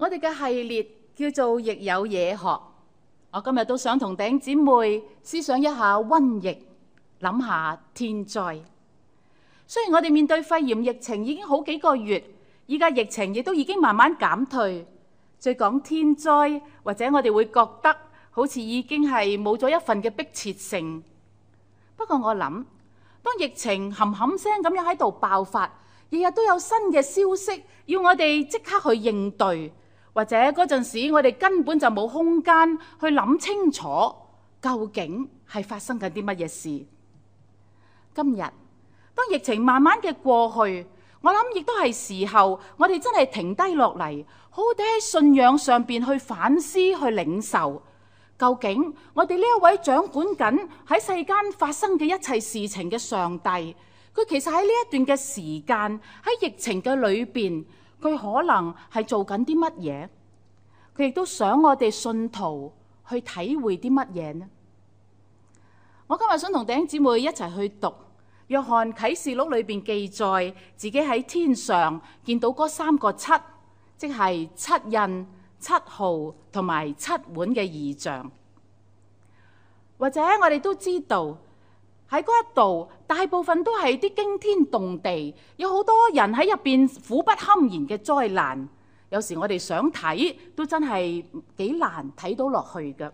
我哋嘅系列叫做疫有嘢學，我今日都想同弟兄姐妹思想一下瘟疫，諗下天災。雖然我哋面對肺炎疫情已經好幾個月，而家疫情亦都已經慢慢減退。再講天災，或者我哋會覺得好似已經係冇咗一份嘅迫切性。不過我諗，當疫情冚冚聲咁樣喺度爆發，日日都有新嘅消息要我哋即刻去應對。或者嗰陣時，我哋根本就冇空間去諗清楚，究竟係發生緊啲乜嘢事。今日當疫情慢慢嘅過去，我諗亦都係時候，我哋真係停低落嚟，好哋喺信仰上面去反思、去領受，究竟我哋呢一位掌管緊喺世間發生嘅一切事情嘅上帝，佢其實喺呢一段嘅時間喺疫情嘅裏面。佢可能係做緊啲乜嘢？佢亦都想我哋信徒去體會啲乜嘢呢？我今日想同弟兄姊妹一齊去讀《約翰啟示錄》裏邊記載自己喺天上見到嗰三個七，即係七印、七號同埋七碗嘅異象。或者我哋都知道。喺嗰一度，大部分都係啲驚天動地，有好多人喺入邊苦不堪言嘅災難。有時我哋想睇，都真係幾難睇到落去㗎。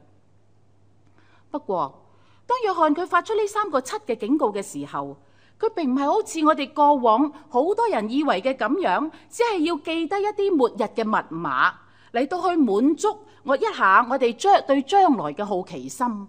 不過，當約翰佢發出呢三個七嘅警告嘅時候，佢並唔係好似我哋過往好多人以為嘅咁樣，只係要記得一啲末日嘅密碼嚟到去滿足我一下我哋將對將來嘅好奇心。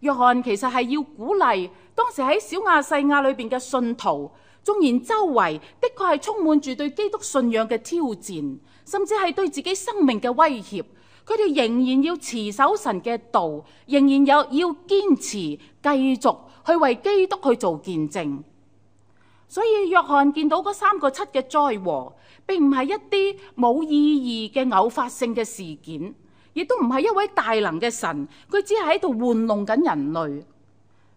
約翰其實係要鼓勵當時喺小亞細亞裏邊嘅信徒，縱然周圍的確係充滿住對基督信仰嘅挑戰，甚至係對自己生命嘅威脅，佢哋仍然要持守神嘅道，仍然有要堅持繼續去為基督去做見證。所以約翰見到嗰三個七嘅災禍，並唔係一啲冇意義嘅偶發性嘅事件。亦都唔係一位大能嘅神，佢只係喺度玩弄緊人類。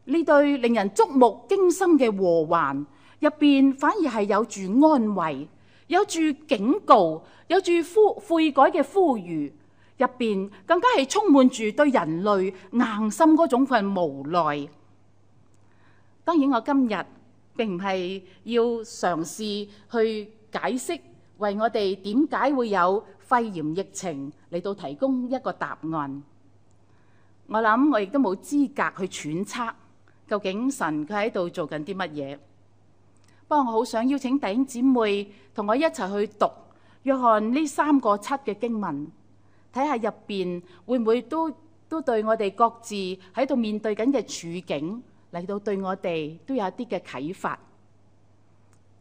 呢對令人觸目驚心嘅禍患，入邊反而係有住安慰，有住警告，有住呼悔改嘅呼籲，入邊更加係充滿住對人類硬心嗰種份無奈。當然，我今日並唔係要嘗試去解釋。為我哋點解會有肺炎疫情嚟到提供一個答案？我諗我亦都冇資格去揣測究竟神佢喺度做緊啲乜嘢。不過我好想邀請弟兄姊妹同我一齊去讀約翰呢三個七嘅經文，睇下入邊會唔會都都對我哋各自喺度面對緊嘅處境嚟到對我哋都有一啲嘅啟發。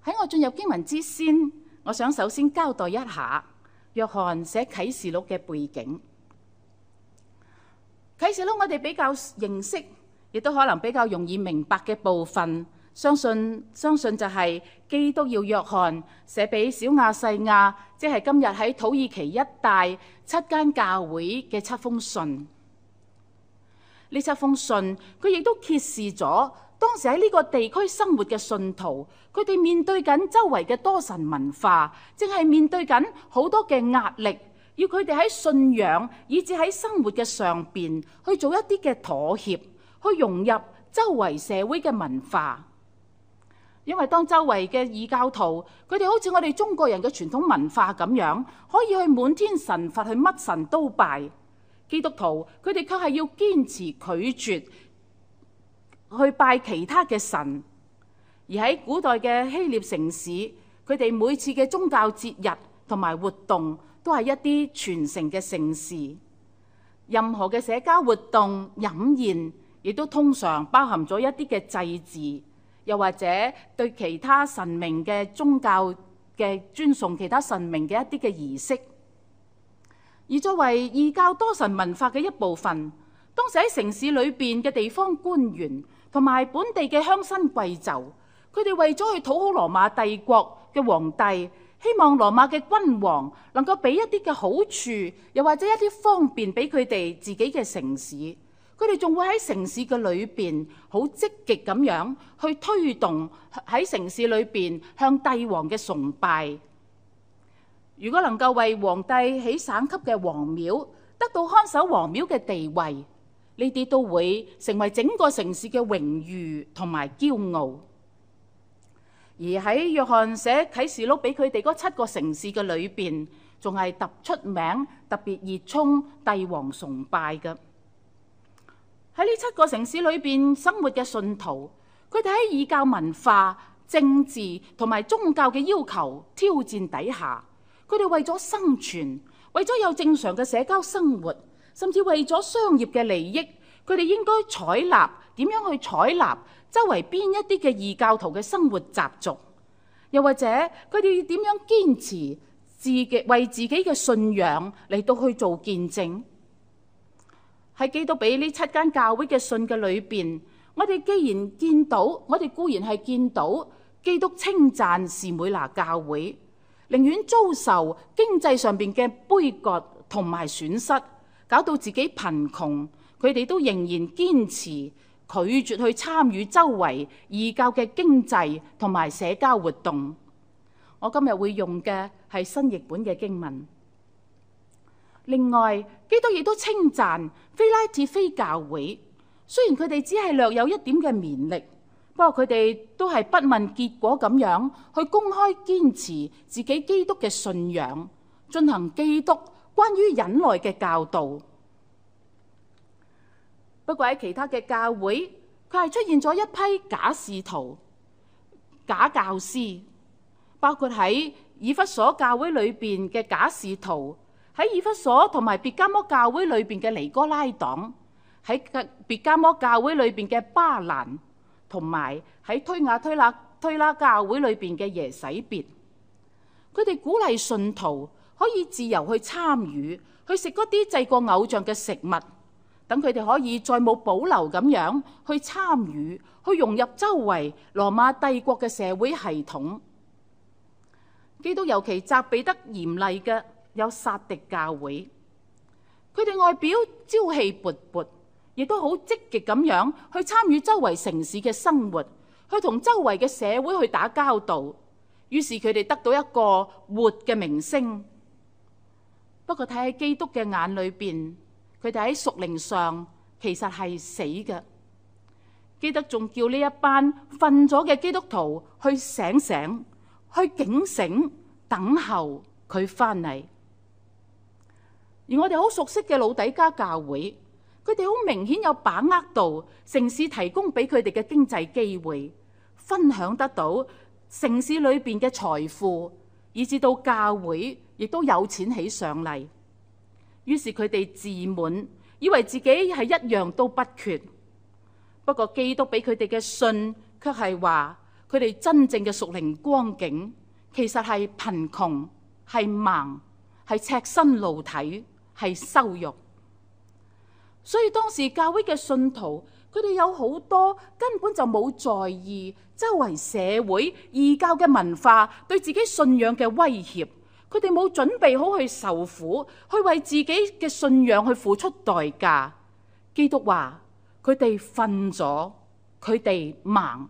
喺我進入經文之先，.我想首先交代一下約翰寫啟示錄嘅背景。啟示錄我哋比較認識，亦都可能比較容易明白嘅部分，相信相信就係基督要約翰寫俾小亞細亞，即係今日喺土耳其一帶七間教會嘅七封信。呢七封信佢亦都揭示咗。當時喺呢個地區生活嘅信徒，佢哋面對緊周圍嘅多神文化，淨係面對緊好多嘅壓力，要佢哋喺信仰以至喺生活嘅上面去做一啲嘅妥協，去融入周圍社會嘅文化。因為當周圍嘅異教徒，佢哋好似我哋中國人嘅傳統文化咁樣，可以去滿天神佛去乜神都拜；基督徒佢哋卻係要堅持拒絕。去拜其他嘅神，而喺古代嘅希臘城市，佢哋每次嘅宗教節日同埋活動都係一啲全城嘅盛事。任何嘅社交活動飲宴，亦都通常包含咗一啲嘅祭祀，又或者對其他神明嘅宗教嘅尊崇，其他神明嘅一啲嘅儀式。而作為異教多神文化嘅一部分，當時喺城市裏面嘅地方官員，同埋本地嘅鄉紳貴族，佢哋為咗去討好羅馬帝國嘅皇帝，希望羅馬嘅君王能夠俾一啲嘅好處，又或者一啲方便俾佢哋自己嘅城市。佢哋仲會喺城市嘅裏邊好積極咁樣去推動喺城市裏邊向帝王嘅崇拜。如果能夠為皇帝喺省級嘅皇廟得到看守皇廟嘅地位。呢啲都會成為整個城市嘅榮譽同埋驕傲。而喺約翰寫啟示錄俾佢哋嗰七個城市嘅裏邊，仲係特出名、特別熱衷帝王崇拜嘅。喺呢七個城市裏邊生活嘅信徒，佢哋喺異教文化、政治同埋宗教嘅要求挑戰底下，佢哋為咗生存，為咗有正常嘅社交生活，甚至為咗商業嘅利益，佢哋應該採納點樣去採納周圍邊一啲嘅異教徒嘅生活習俗，又或者佢哋點樣堅持自己為自己嘅信仰嚟到去做見證？喺基督俾呢七間教會嘅信嘅裏邊，我哋既然見到，我哋固然係見到基督稱讚士每拿教會，寧願遭受經濟上邊嘅杯葛同埋損失。搞到自己貧窮，佢哋都仍然堅持拒絕去參與周圍異教嘅經濟同埋社交活動。我今日會用嘅係新譯本嘅經文。另外，基督亦都稱讚非拉鐵非教會，雖然佢哋只係略有一點嘅勉力，不過佢哋都係不問結果咁樣去公開堅持自己基督嘅信仰，進行基督。關於忍耐嘅教導，不過喺其他嘅教會，佢係出現咗一批假使徒、假教師，包括喺以弗所教會裏邊嘅假使徒，喺以弗所同埋別加摩教會裏邊嘅尼哥拉黨，喺別加摩教會裏邊嘅巴蘭，同埋喺推雅推拉推拉教會裏邊嘅耶洗別，佢哋鼓勵信徒，可以自由去參與，去食嗰啲祭過偶像嘅食物，等佢哋可以再冇保留咁樣去參與，去融入周圍羅馬帝國嘅社會系統。基督尤其責備得嚴厲嘅有撒狄教會，佢哋外表朝氣勃勃，亦都好積極咁樣去參與周圍城市嘅生活，去同周圍嘅社會去打交道。於是佢哋得到一個活嘅名聲。不過睇，喺基督嘅眼裏邊，佢哋喺屬靈上其實係死嘅。基督仲叫呢一班瞓咗嘅基督徒去醒醒，去警醒，等候佢返嚟。而我哋好熟悉嘅老底嘉教會，佢哋好明顯有把握到城市提供俾佢哋嘅經濟機會，分享得到城市裏邊嘅財富。以至到教會亦都有錢起上嚟，於是佢哋自滿，以為自己係一樣都不缺。不過基督俾佢哋嘅信卻係話，佢哋真正嘅屬靈光景其實係貧窮，係盲，係赤身露體，係羞辱。所以當時教會嘅信徒，佢哋有好多根本就冇在意周圍社會異教嘅文化對自己信仰嘅威脅，佢哋冇準備好去受苦，去為自己嘅信仰去付出代價。基督話：佢哋瞓咗，佢哋盲。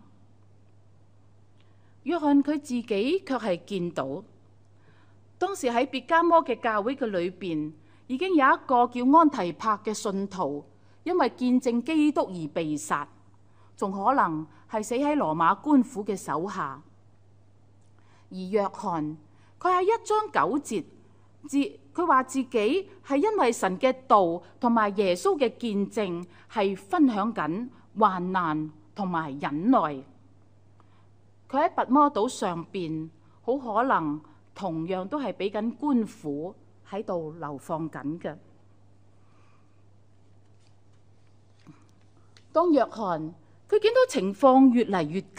約翰佢自己卻係見到，當時喺別迦摩嘅教會嘅裏邊，已經有一個叫安提帕嘅信徒，因為見證基督而被殺，仲可能係死喺羅馬官府嘅手下。而約翰，佢喺一章九節，自佢話自己係因為神嘅道同埋耶穌嘅見證，係分享緊患難同埋忍耐。佢喺拔摩島上邊，好可能同樣都係俾緊官府喺度流放緊嘅。當約翰佢見到情況越嚟越急，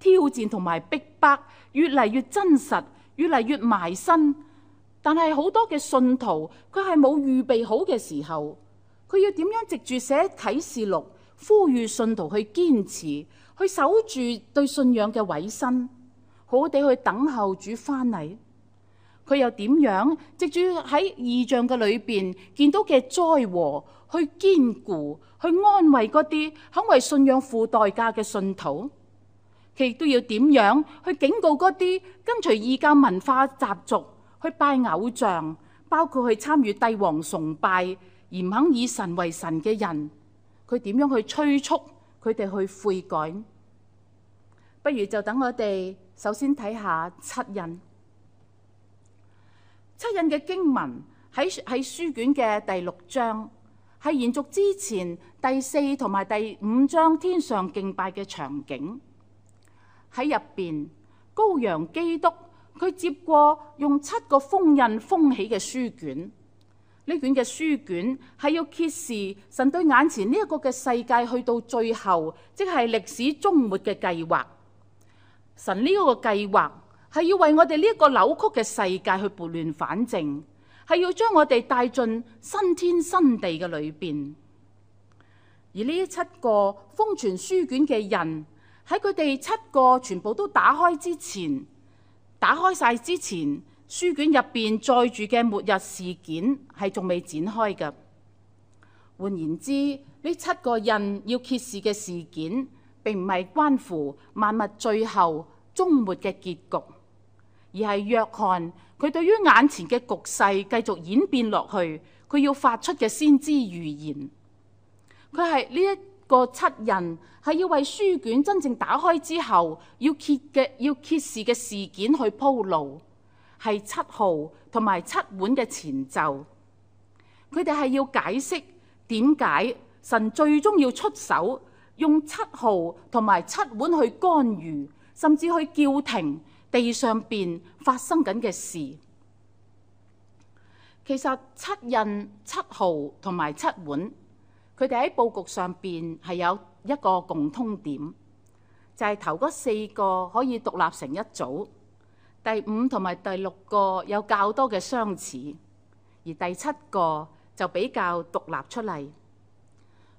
挑戰同埋逼迫越嚟越真實，越嚟越埋身，但係好多嘅信徒佢係冇預備好嘅時候，佢要點樣藉住寫啟示錄，呼籲信徒去堅持，去守住對信仰嘅委身，好地去等候主翻嚟。佢又點樣藉住喺異象嘅裏邊見到嘅災禍去堅固、去安慰嗰啲肯為信仰付代價嘅信徒？佢亦都要點樣去警告嗰啲跟隨異教文化習俗、去拜偶像、包括去參與帝王崇拜而唔肯以神為神嘅人？佢點樣去催促佢哋去悔改？不如就等我哋首先睇下七印。七印嘅經文喺書書卷嘅第六章，係延續之前第四同埋第五章天上敬拜嘅場景。喺入邊，羔羊基督佢接過用七個封印封起嘅書卷，呢卷嘅書卷係要揭示神對眼前呢一個嘅世界去到最後，即係歷史終末嘅計劃。神呢個計計劃。係要為我哋呢一個扭曲嘅世界去撥亂反正，係要將我哋帶進新天新地嘅裏邊。而呢七個封存書卷嘅印，喺佢哋七個全部都打開之前，打開晒之前，書卷入邊載住嘅末日事件係仲未展開嘅。換言之，呢七個印要揭示嘅事件，並唔係關乎萬物最後終末嘅結局。而係約翰，佢對於眼前嘅局勢繼續演變落去，佢要發出嘅先知預言。佢係呢一個七人，係要為書卷真正打開之後要揭嘅要揭示嘅事件去鋪路，係七號同埋七碗嘅前奏。佢哋係要解釋點解神最終要出手，用七號同埋七碗去干預，甚至去叫停。地上邊發生緊嘅事，其實七印、七號同埋七碗，佢哋喺布局上邊係有一個共通點，就係、是、頭嗰四個可以獨立成一組，第五同埋第六個有較多嘅相似，而第七個就比較獨立出嚟。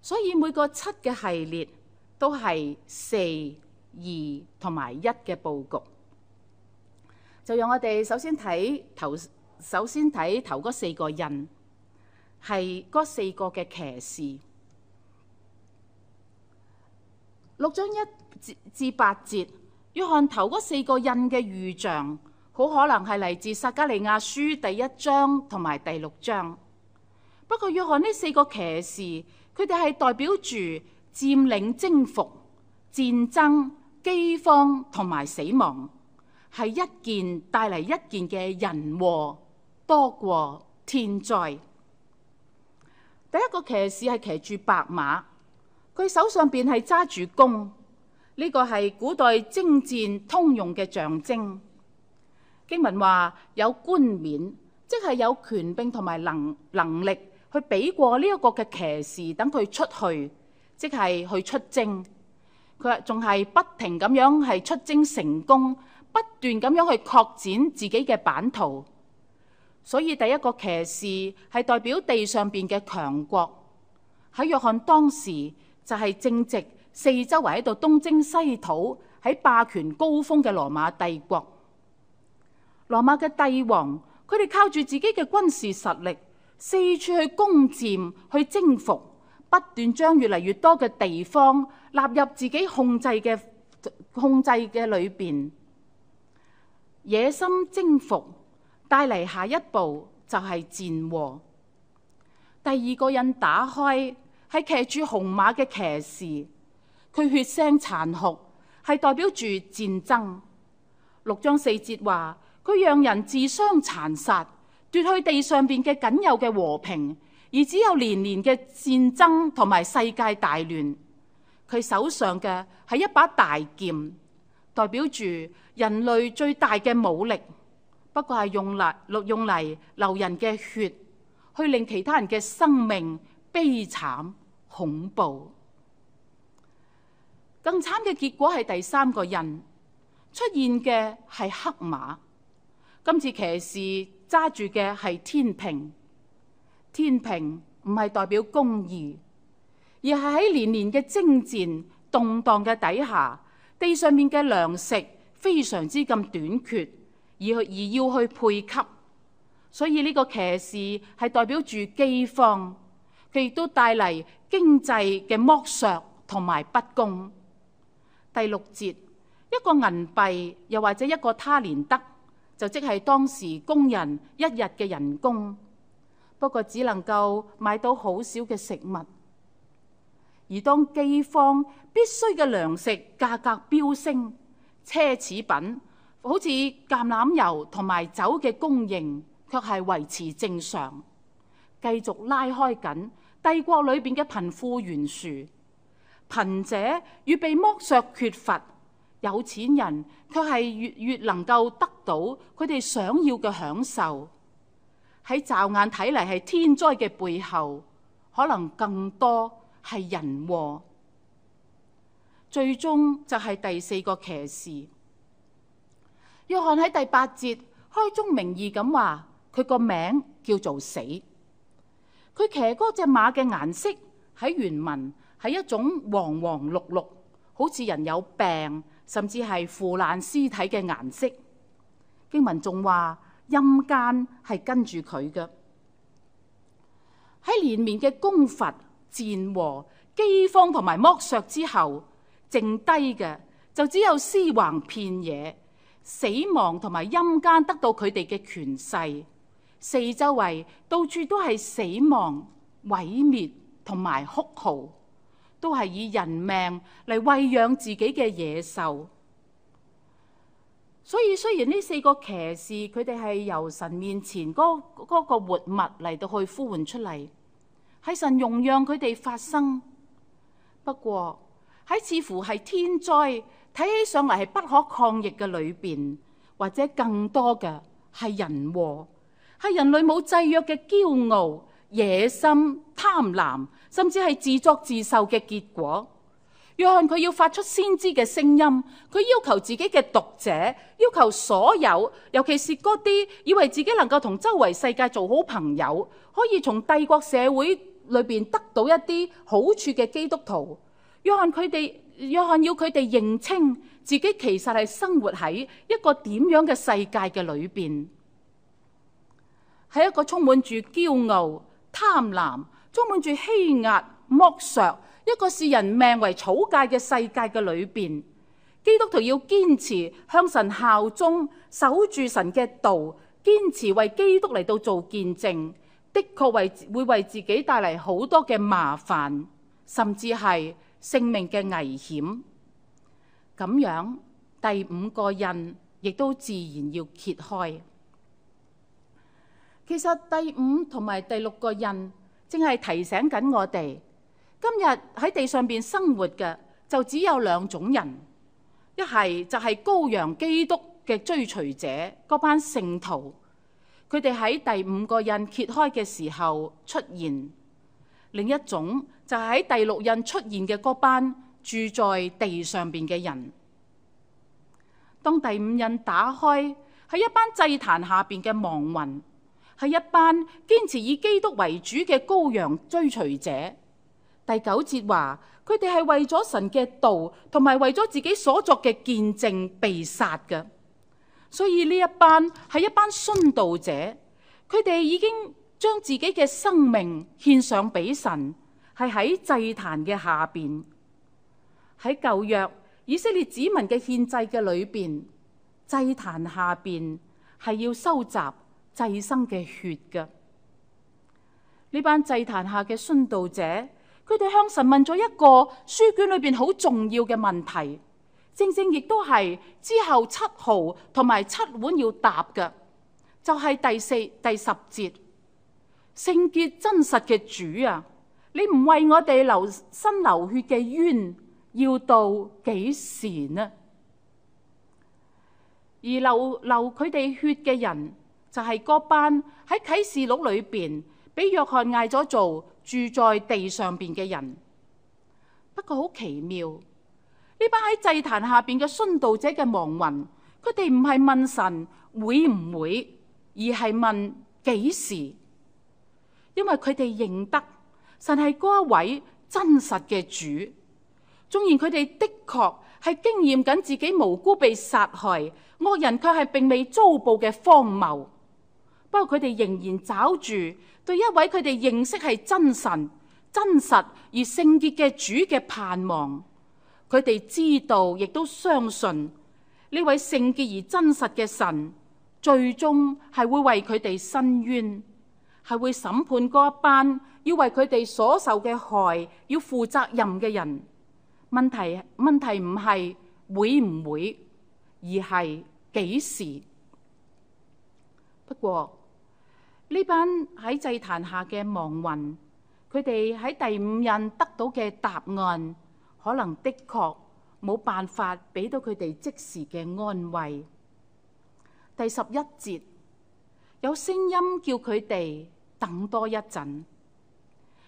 所以每個七嘅系列都係四、二同埋一嘅布局。就讓我哋首先睇頭，首先睇頭嗰四個印，係嗰四個嘅騎士。六章一至八節，約翰頭嗰四個印嘅預像，好可能係嚟自撒加利亞書第一章同埋第六章。不過，約翰呢四個騎士，佢哋係代表住佔領、征服、戰爭、饑荒同埋死亡。係一件帶嚟一件嘅人禍多過天災。第一個騎士係騎住白馬，佢手上邊係揸住弓，呢個係古代征戰通用嘅象徵。經文話有冠冕，即係有權柄同埋能能力去畀過呢一個嘅騎士，等佢出去，即係去出征。佢仲係不停咁樣係出征成功。不斷咁樣去擴展自己嘅版圖，所以第一個騎士係代表地上邊嘅強國。喺約翰當時，就係正值四周圍喺度東征西討、喺霸權高峰嘅羅馬帝國。羅馬嘅帝王，佢哋靠住自己嘅軍事實力，四處去攻佔、去征服，不斷將越嚟越多嘅地方納入自己控制嘅控制嘅裏邊。野心征服帶嚟下一步就係、是、戰禍。第二個印打開係騎住紅馬嘅騎士，佢血腥殘酷係代表住戰爭。六章四節話佢讓人自相殘殺，奪去地上邊嘅僅有嘅和平，而只有連年嘅戰爭同埋世界大亂。佢手上嘅係一把大劍。代表住人類最大嘅武力，不過係用嚟用嚟流人嘅血，去令其他人嘅生命悲慘恐怖。更慘嘅結果係第三個人出現嘅係黑馬。今次騎士揸住嘅係天平，天平唔係代表公義，而係喺連年嘅征戰動盪嘅底下。地上面嘅糧食非常之咁短缺，而而要去配給，所以呢個騎士係代表住饑荒，佢亦都帶嚟經濟嘅剝削同埋不公。第六節，一個銀幣又或者一個他連得，就即係當時工人一日嘅人工，不過只能夠買到好少嘅食物。而當飢荒必須嘅糧食價格飆升，奢侈品好似橄欖油同埋酒嘅供應卻係維持正常，繼續拉開緊帝國裏邊嘅貧富懸殊。貧者越被剝削缺乏，有錢人卻係越越能夠得到佢哋想要嘅享受。喺驟眼睇嚟係天災嘅背後，可能更多。係人禍，最終就係第四個騎士。約翰喺第八節開宗明義咁話，佢個名叫做死。佢騎嗰隻馬嘅顏色喺原文係一種黃黃綠綠，好似人有病，甚至係腐爛屍體嘅顏色。經文仲話陰間係跟住佢嘅，喺連綿嘅功罰。戰禍、饑荒同埋剝削之後，剩低嘅就只有屍橫遍野、死亡同埋陰間得到佢哋嘅權勢。四周圍到處都係死亡、毀滅同埋哭嚎，都係以人命嚟餵養自己嘅野獸。所以雖然呢四個騎士佢哋係由神面前嗰嗰個活物嚟到去呼喚出嚟。喺神容讓佢哋發生，不過喺似乎係天災，睇起上嚟係不可抗疫嘅裏邊，或者更多嘅係人禍，係人類冇制約嘅驕傲、野心、貪婪，甚至係自作自受嘅結果。約翰佢要發出先知嘅聲音，佢要求自己嘅讀者，要求所有，尤其是嗰啲以為自己能夠同周圍世界做好朋友，可以從帝國社會。裏邊得到一啲好處嘅基督徒，約翰佢哋，約翰要佢哋認清自己其實係生活喺一個點樣嘅世界嘅裏邊，喺一個充滿住驕傲、貪婪、充滿住欺壓、剝削，一個視人命為草芥嘅世界嘅裏邊。基督徒要堅持向神效忠，守住神嘅道，堅持為基督嚟到做見證，的確為會為自己帶嚟好多嘅麻煩，甚至係性命嘅危險。咁樣第五個印亦都自然要揭開。其實第五同埋第六個印正係提醒緊我哋，今日喺地上邊生活嘅就只有兩種人，一係就係羔羊基督嘅追隨者嗰班聖徒。佢哋喺第五個印揭開嘅時候出現，另一種就係第六印出現嘅嗰班住在地上邊嘅人。當第五印打開，係一班祭壇下邊嘅亡魂，係一班堅持以基督為主嘅羔羊追隨者。第九節話佢哋係為咗神嘅道，同埋為咗自己所作嘅見證被殺嘅。所以呢一班係一班殉道者，佢哋已經將自己嘅生命獻上俾神，係喺祭壇嘅下邊。喺舊約以色列子民嘅獻祭嘅裏邊，祭壇下邊，係要收集祭牲嘅血嘅。呢班祭壇下嘅殉道者，佢哋向神問咗一個書卷裏邊好重要嘅問題。正正亦都係之後七號同埋七碗要搭嘅，就係、是、第四第十節聖潔真實嘅主啊！你唔為我哋流身流血嘅冤，要到幾時呢？而流流佢哋血嘅人，就係、是、嗰班喺啟示錄裏邊俾約翰嗌咗做住在地上邊嘅人。不過好奇妙。呢班喺祭壇下邊嘅殉道者嘅亡魂，佢哋唔係問神會唔會，而係問幾時，因為佢哋認得神係嗰一位真實嘅主。縱然佢哋的確係經驗緊自己無辜被殺害，惡人卻係並未遭報嘅荒謬，不過佢哋仍然找住對一位佢哋認識係真神、真實而聖潔嘅主嘅盼望。佢哋知道，亦都相信呢位聖潔而真實嘅神，最終係會為佢哋伸冤，係會審判嗰班要為佢哋所受嘅害要負責任嘅人。問題，問題唔係會唔會，而係幾時。不過呢班喺祭壇下嘅亡魂，佢哋喺第五印得到嘅答案，可能的確冇辦法俾到佢哋即時嘅安慰。第十一節有聲音叫佢哋等多一陣，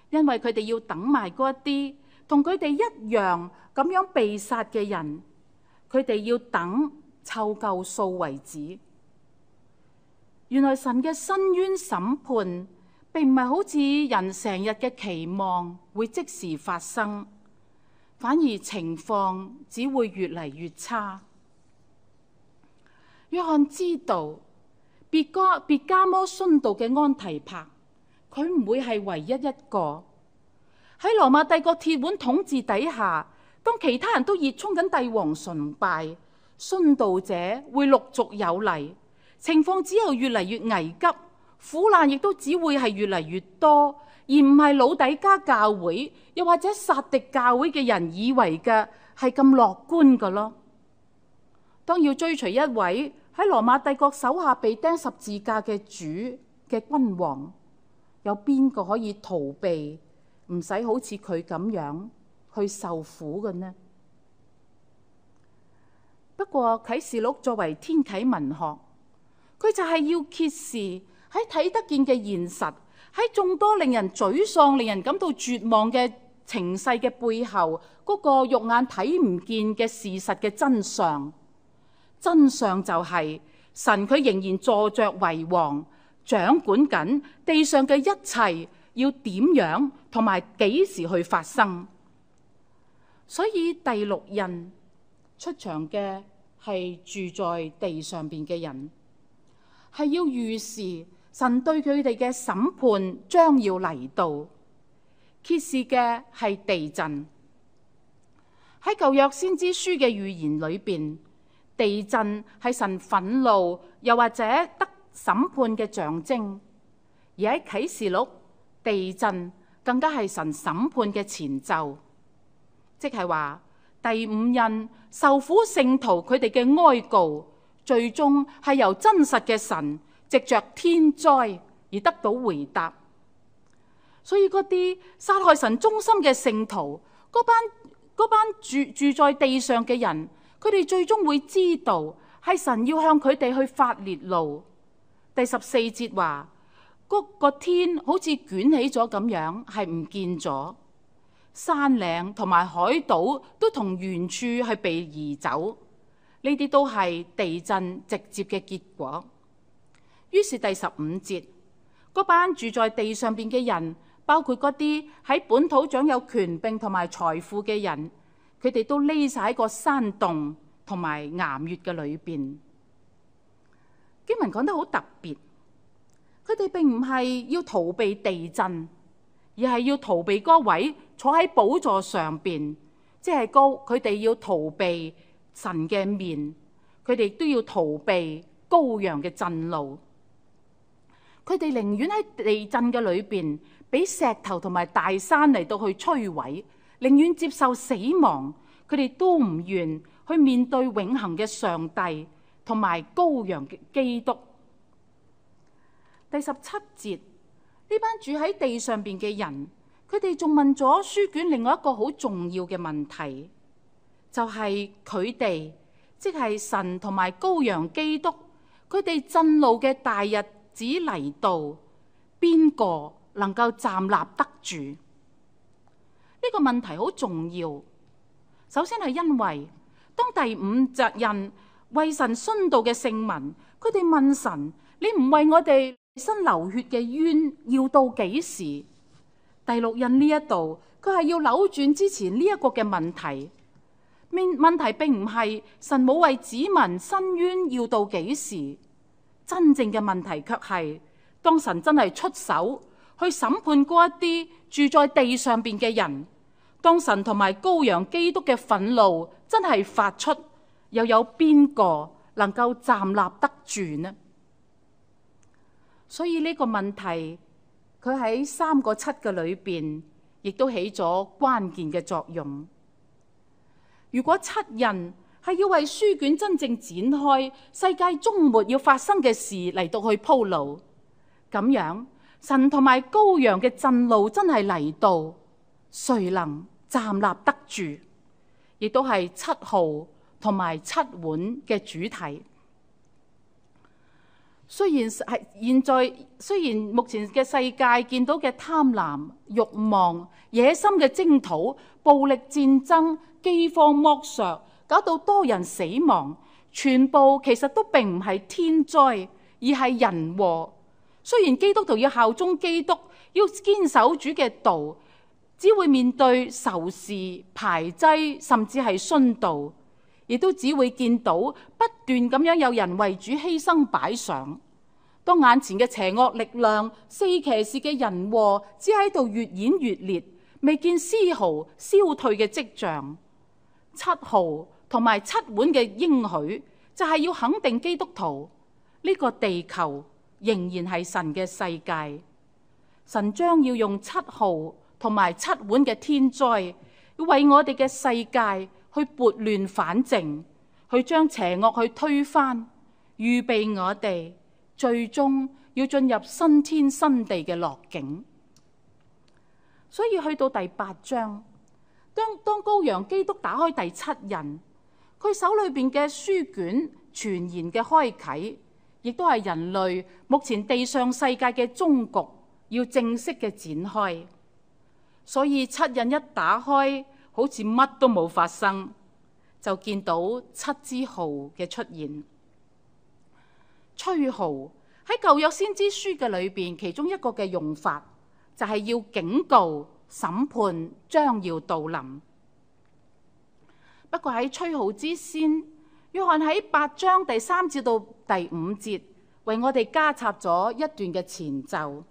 因為佢哋要等埋嗰一啲同佢哋一樣咁樣被殺嘅人，佢哋要等湊夠數為止。原來神嘅申冤審判並唔係好似人成日嘅期望會即時發生。反而情況只會越嚟越差。約翰知道別哥別加摩殉道嘅安提帕，佢唔會係唯一一個。喺羅馬帝國鐵腕統治底下，當其他人都熱衷緊帝王崇拜，殉道者會陸續有嚟，情況只有越嚟越危急，苦難亦都只會係越嚟越多。而唔係老底嘉教會，又或者撒狄教會嘅人以為嘅係咁樂觀噶咯？當要追隨一位喺羅馬帝國手下被釘十字架嘅主嘅君王，有邊個可以逃避唔使好似佢咁樣去受苦嘅呢？不過啟示錄作為天啟文學，佢就係要揭示喺睇得見嘅現實。喺眾多令人沮喪、令人感到絕望嘅情勢嘅背後，嗰、那個肉眼睇唔見嘅事實嘅真相，真相就係、是、神佢仍然坐着為王，掌管緊地上嘅一切要點樣同埋幾時去發生。所以第六印出場嘅係住在地上邊嘅人，係要預示。神對佢哋嘅審判將要嚟到，揭示嘅係地震。喺舊約先知書嘅預言裏邊，地震係神憤怒又或者得審判嘅象徵；而喺啟示錄，地震更加係神審判嘅前奏。即係話第五印受苦聖徒佢哋嘅哀告，最終係由真實嘅神。藉著天災而得到回答，所以嗰啲殺害神忠心嘅聖徒，嗰班班住住在地上嘅人，佢哋最終會知道係神要向佢哋去發烈怒。第十四節話嗰、那個天好似捲起咗咁樣，係唔見咗，山嶺同埋海島都同原處係被移走，呢啲都係地震直接嘅結果。於是第十五節，嗰班住在地上邊嘅人，包括嗰啲喺本土掌有權柄同埋財富嘅人，佢哋都匿晒喺個山洞同埋岩穴嘅裏邊。經文講得好特別，佢哋並唔係要逃避地震，而係要逃避嗰位坐喺寶座上邊，即係高佢哋要逃避神嘅面，佢哋亦都要逃避羔羊嘅震怒。佢哋寧願喺地震嘅裏邊俾石頭同埋大山嚟到去摧毀，寧願接受死亡，佢哋都唔願去面對永恒嘅上帝同埋羔羊嘅基督。第十七節，呢班住喺地上邊嘅人，佢哋仲問咗書卷另外一個好重要嘅問題，就係佢哋即係神同埋羔羊基督，佢哋震怒嘅大日。只嚟到邊個能夠站立得住？呢、這個問題好重要。首先係因為當第五責任為神殉道嘅聖民，佢哋問神：你唔為我哋身流血嘅冤要到幾時？第六印呢一度，佢係要扭轉之前呢一個嘅問題。問問題並唔係神冇為子民伸冤要到幾時。真正嘅問題卻係，當神真係出手去審判嗰一啲住在地上邊嘅人，當神同埋羔羊基督嘅憤怒真係發出，又有邊個能夠站立得住呢？所以呢個問題，佢喺三個七嘅裏邊，亦都起咗關鍵嘅作用。如果七人，係要為書卷真正展開世界終末要發生嘅事嚟，到去鋪路，咁樣神同埋羔羊嘅震怒真係嚟到，誰能站立得住？亦都係七號同埋七碗嘅主題。雖然係現在，雖然目前嘅世界見到嘅貪婪、慾望、野心嘅征討、暴力戰爭、饑荒剝削。搞到多人死亡，全部其實都並唔係天災，而係人禍。雖然基督徒要效忠基督，要堅守主嘅道，只會面對仇視、排擠，甚至係殉道，亦都只會見到不斷咁樣有人為主犧牲擺上。當眼前嘅邪惡力量、四騎士嘅人禍，只喺度越演越烈，未見絲毫消退嘅跡象。七號同埋七碗嘅應許，就係要肯定基督徒呢個地球仍然係神嘅世界。神將要用七號同埋七碗嘅天災，為我哋嘅世界去撥亂反正，去將邪惡去推翻，預備我哋最終要進入新天新地嘅樂境。所以去到第八章。當羔羊基督打開第七印，佢手裏邊嘅書卷全然嘅開啟，亦都係人類目前地上世界嘅終局要正式嘅展開。所以七印一打開，好似乜都冇發生，就見到七支號嘅出現。吹號喺舊約先知書嘅裏邊，其中一個嘅用法就係、是、要警告。審判將要到臨，不過喺吹號之先，約翰喺八章第三至到第五節為我哋加插咗一段嘅前奏，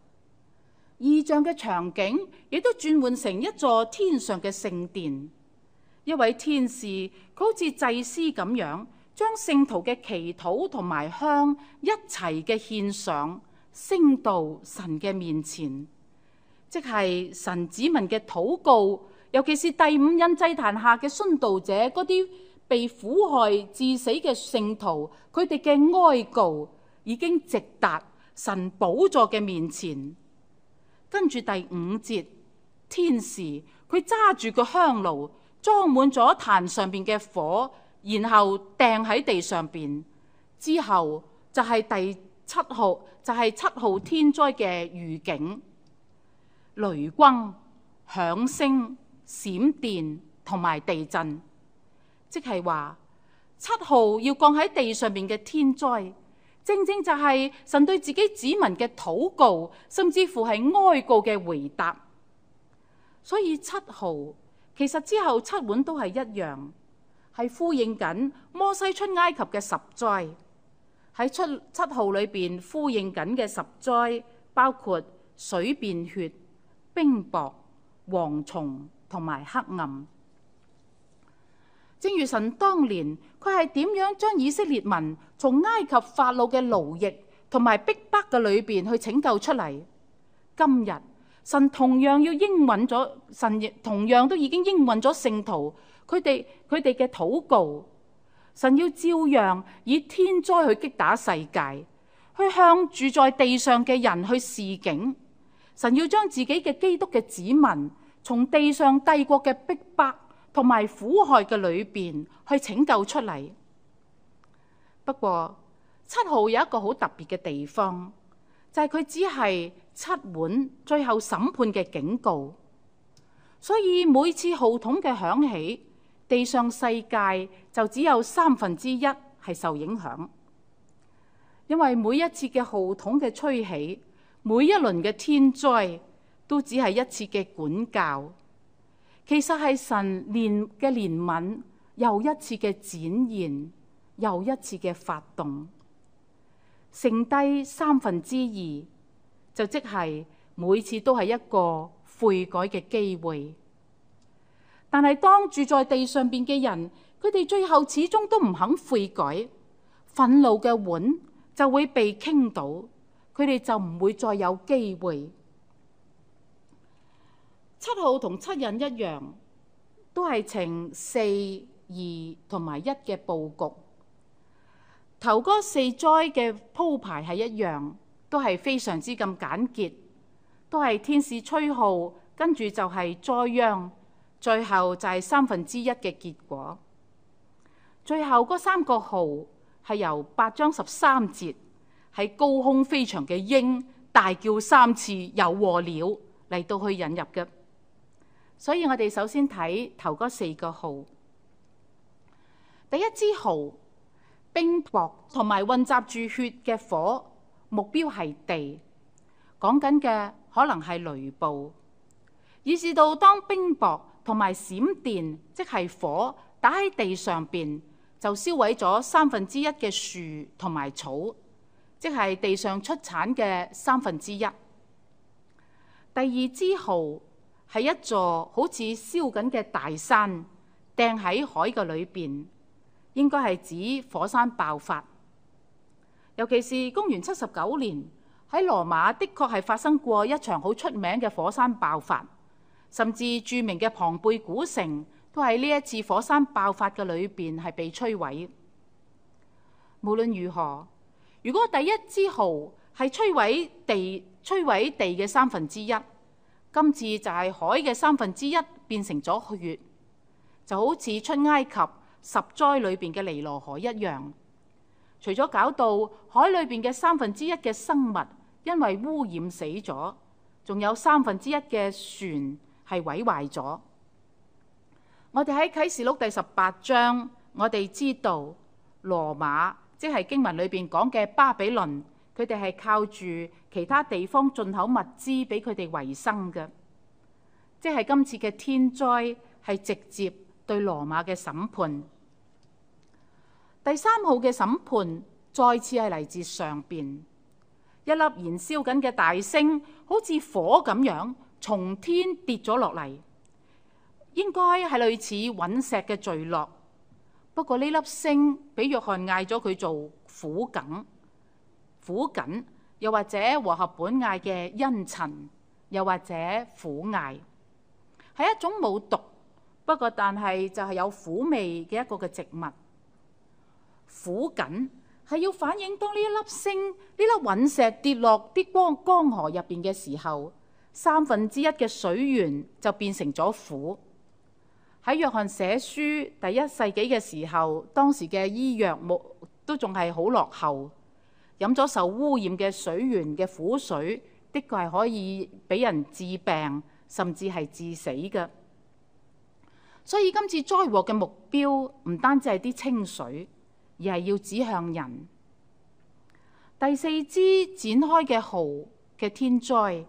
異象嘅場景亦都轉換成一座天上嘅聖殿，一位天使佢好似祭司咁樣，將聖徒嘅祈禱同埋香一齊嘅獻上，升到神嘅面前。即係神子民嘅禱告，尤其是第五印祭壇下嘅殉道者，嗰啲被苦害致死嘅聖徒，佢哋嘅哀告已經直達神寶座嘅面前。跟住第五節，天使佢揸住個香爐，裝滿咗壇上邊嘅火，然後掟喺地上邊。之後就係第七號，就係、是、七號天災嘅預警。雷轟、響聲、閃電同埋地震，即係話七號要降喺地上面嘅天災，正正就係神對自己子民嘅禱告，甚至乎係哀告嘅回答。所以七號其實之後七碗都係一樣，係呼應緊摩西出埃及嘅十災，喺出七號裏邊呼應緊嘅十災，包括水變血。冰雹、蝗蟲同埋黑暗，正如神當年，佢係點樣將以色列民從埃及法老嘅奴役同埋逼迫嘅裏邊去拯救出嚟。今日神同樣要應允咗，神同樣都已經應允咗聖徒，佢哋佢哋嘅禱告，神要照樣以天災去擊打世界，去向住在地上嘅人去示警。神要將自己嘅基督嘅子民從地上帝國嘅逼迫同埋苦害嘅裏邊去拯救出嚟。不過七號有一個好特別嘅地方，就係、是、佢只係七碗最後審判嘅警告，所以每次號筒嘅響起，地上世界就只有三分之一係受影響，因為每一次嘅號筒嘅吹起。每一輪嘅天災都只係一次嘅管教，其實係神憐嘅憐憫，又一次嘅展現，又一次嘅發動。剩低三分之二，就即係每次都係一個悔改嘅機會。但係當住在地上邊嘅人，佢哋最後始終都唔肯悔改，憤怒嘅碗就會被傾倒。佢哋就唔會再有機會。七號同七印一樣，都係呈四二同埋一嘅佈局。頭嗰四災嘅鋪排係一樣，都係非常之咁簡潔，都係天使吹號，跟住就係災殃，最後就係三分之一嘅結果。最後嗰三個號係由八章十三節。喺高空飛翔嘅鷹大叫三次有，有禍鳥嚟到去引入嘅。所以我哋首先睇頭嗰四個號，第一支號冰雹同埋混雜住血嘅火，目標係地，講緊嘅可能係雷暴。以至到當冰雹同埋閃電即係火打喺地上邊，就燒毀咗三分之一嘅樹同埋草。即係地上出產嘅三分之一。第二支號係一座好似燒緊嘅大山掟喺海嘅裏邊，應該係指火山爆發。尤其是公元七十九年喺羅馬，的確係發生過一場好出名嘅火山爆發，甚至著名嘅龐貝古城都喺呢一次火山爆發嘅裏邊係被摧毀。無論如何，如果第一支號係摧毀地、摧毀地嘅三分之一，今次就係海嘅三分之一變成咗血，就好似出埃及十災裏邊嘅尼羅河一樣。除咗搞到海裏邊嘅三分之一嘅生物因為污染死咗，仲有三分之一嘅船係毀壞咗。我哋喺啟示錄第十八章，我哋知道羅馬。即係經文裏邊講嘅巴比倫，佢哋係靠住其他地方進口物資俾佢哋維生嘅。即係今次嘅天災係直接對羅馬嘅審判。第三號嘅審判再次係嚟自上邊，一粒燃燒緊嘅大星，好似火咁樣從天跌咗落嚟，應該係類似隕石嘅墜落。不過呢粒星俾約翰嗌咗佢做苦梗，苦梗又或者和合本嗌嘅茵蔯，又或者苦艾，係一種冇毒，不過但係就係有苦味嘅一個嘅植物。苦梗係要反映當呢一粒星，呢粒隕石跌落啲光江，江河入邊嘅時候，三分之一嘅水源就變成咗苦。喺約翰寫書第一世紀嘅時候，當時嘅醫藥都仲係好落後，飲咗受污染嘅水源嘅苦水，的確係可以俾人治病，甚至係致死嘅。所以今次災禍嘅目標唔單止係啲清水，而係要指向人。第四支展開嘅號嘅天災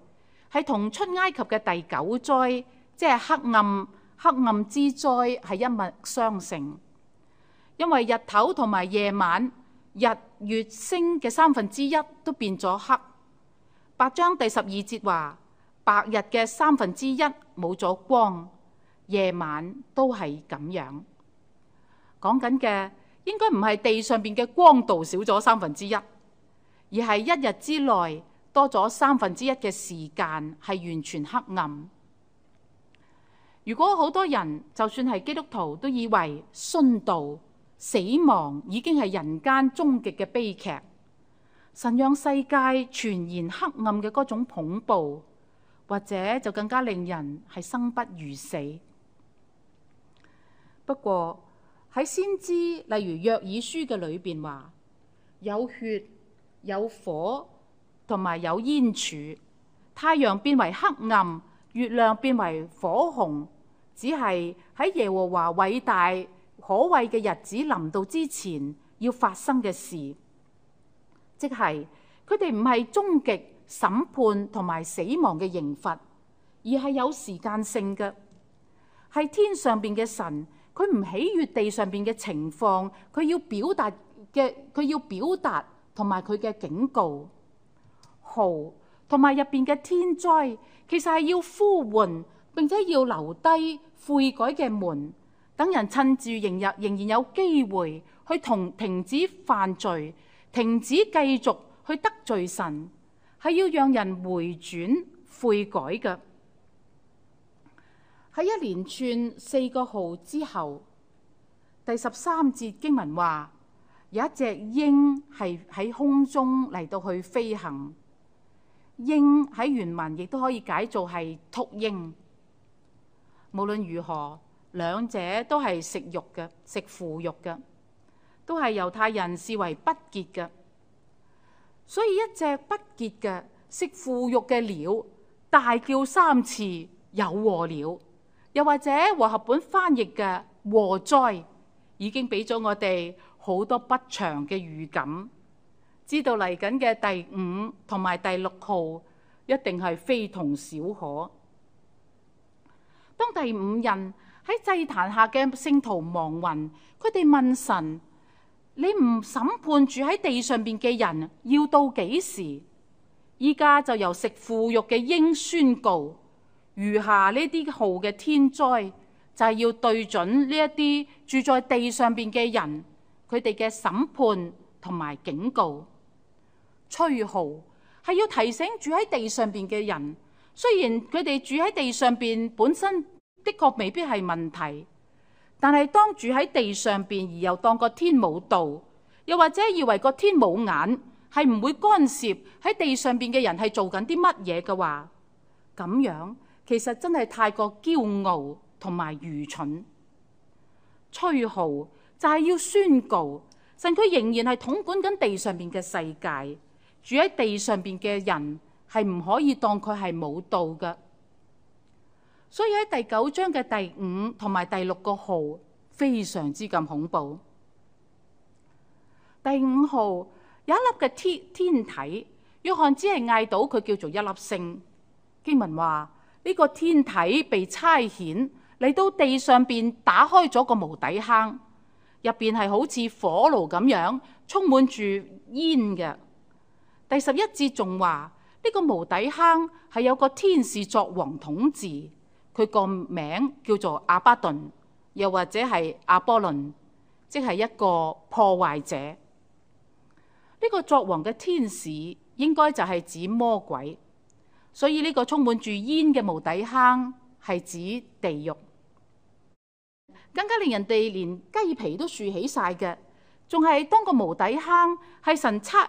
係同出埃及嘅第九災，即係黑暗。黑暗之災係一脈相承，因為日頭同埋夜晚、日月星嘅三分之一都變咗黑。八章第十二節話：白日嘅三分之一冇咗光，夜晚都係咁樣。講緊嘅應該唔係地上邊嘅光度少咗三分之一，而係一日之內多咗三分之一嘅時間係完全黑暗。如果好多人就算係基督徒都以為殉道死亡已經係人間終極嘅悲劇，神讓世界全然黑暗嘅嗰種恐怖，或者就更加令人係生不如死。不過喺先知例如約珥書嘅裏邊話，有血有火同埋有煙柱，太陽變為黑暗，月亮變為火紅。只係喺耶和華偉大可畏嘅日子臨到之前要發生嘅事，即係佢哋唔係終極審判同埋死亡嘅刑罰，而係有時間性嘅，係天上邊嘅神，佢唔喜悅地上邊嘅情況，佢要表達嘅，佢要表達同埋佢嘅警告。好，同埋入邊嘅天災，其實係要呼喚。並且要留低悔改嘅門，等人趁住仍入仍然有機會去同停止犯罪，停止繼續去得罪神，係要讓人回轉悔改嘅。喺一連串四個號之後，第十三節經文話有一隻鷹係喺空中嚟到去飛行。鷹喺原文亦都可以解做係禿鷹。無論如何，兩者都係食肉嘅，食腐肉嘅，都係猶太人視為不潔嘅。所以一隻不潔嘅食腐肉嘅鳥大叫三次，有禍了。又或者和合本翻譯嘅禍災已經俾咗我哋好多不祥嘅預感，知道嚟緊嘅第五同埋第六號一定係非同小可。當第五人喺祭壇下嘅聖徒亡魂，佢哋問神，你唔審判住喺地上邊嘅人，要到幾時？依家，就由食腐肉嘅鷹宣告餘下呢啲號嘅天災，就係要對準呢一啲住在地上邊嘅人，佢哋嘅審判同埋警告，吹號係要提醒住喺地上邊嘅人。雖然佢哋住喺地上邊，本身的確未必係問題，但係當住喺地上邊，而又當個天冇道，又或者以為個天冇眼，係唔會干涉喺地上邊嘅人係做緊啲乜嘢嘅話，咁樣其實真係太過驕傲同埋愚蠢。吹號就係要宣告，神佢仍然係統管緊地上邊嘅世界，住喺地上邊嘅人係唔可以當佢係冇道噶，所以喺第九章嘅第五同埋第六個號非常之咁恐怖。第五號有一粒嘅天天體，約翰只係嗌，到佢叫做一粒星。經文話呢個天體被差遣嚟到地上邊，打開咗個無底坑，入邊係好似火爐咁樣，充滿住煙嘅。第十一節仲話。呢、這個無底坑係有個天使作王統治，佢個名叫做阿巴頓，又或者係阿波倫，即係一個破壞者。呢、這個作王嘅天使應該就係指魔鬼，所以呢個充滿住煙嘅無底坑係指地獄，更加令人哋連雞皮都豎起晒嘅，仲係當個無底坑係神測。